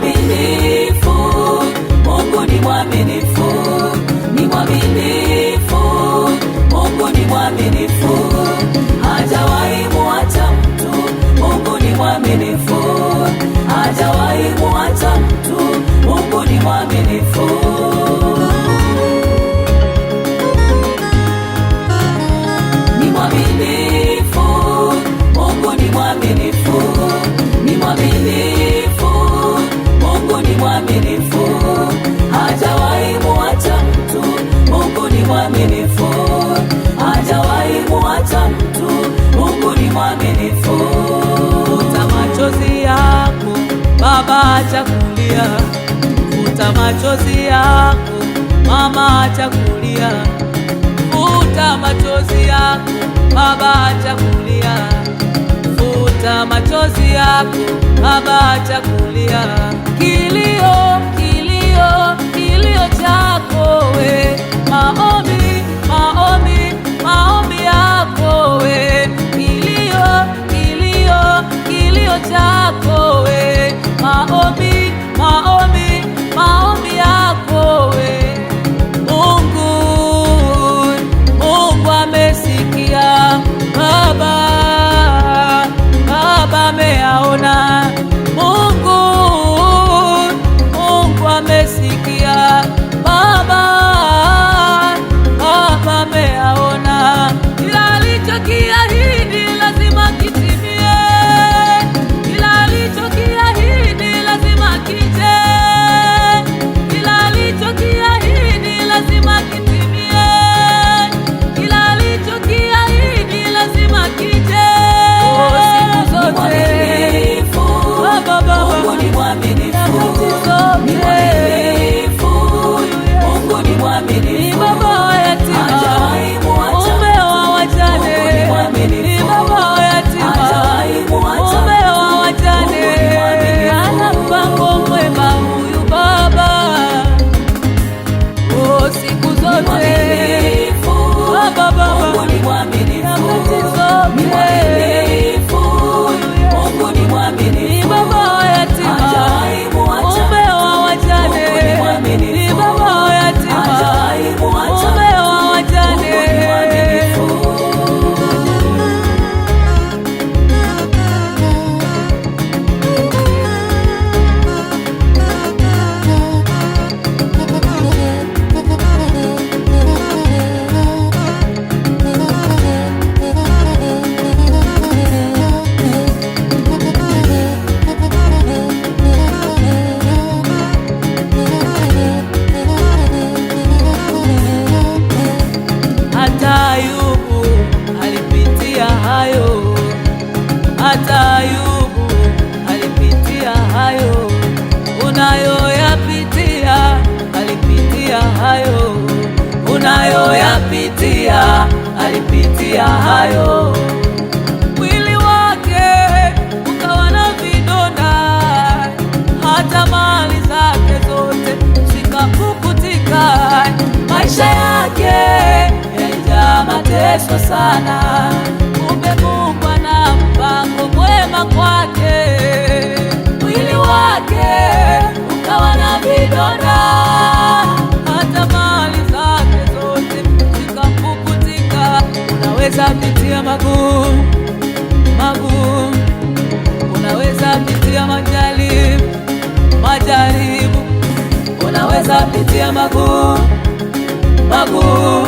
mwaminifu, Mungu ni mwaminifu, ni mwaminifu acha kulia, futa machozi yako mama, acha kulia, futa machozi yako baba, acha kulia, futa machozi yako baba, acha kulia, kilio kilio kilio chako we maombi ya hayo, mwili wake ukawa na vidonda, hata mali zake zote zikapukutika. Maisha yake yalijaa mateso sana. Unaweza nitia magumu magumu, unaweza nitia majaribu majaribu, unaweza nitia magumu magumu,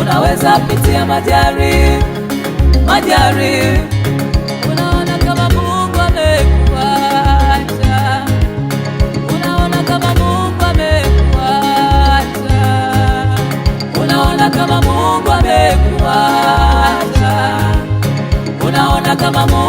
unaweza nitia majaribu majaribu kama moja.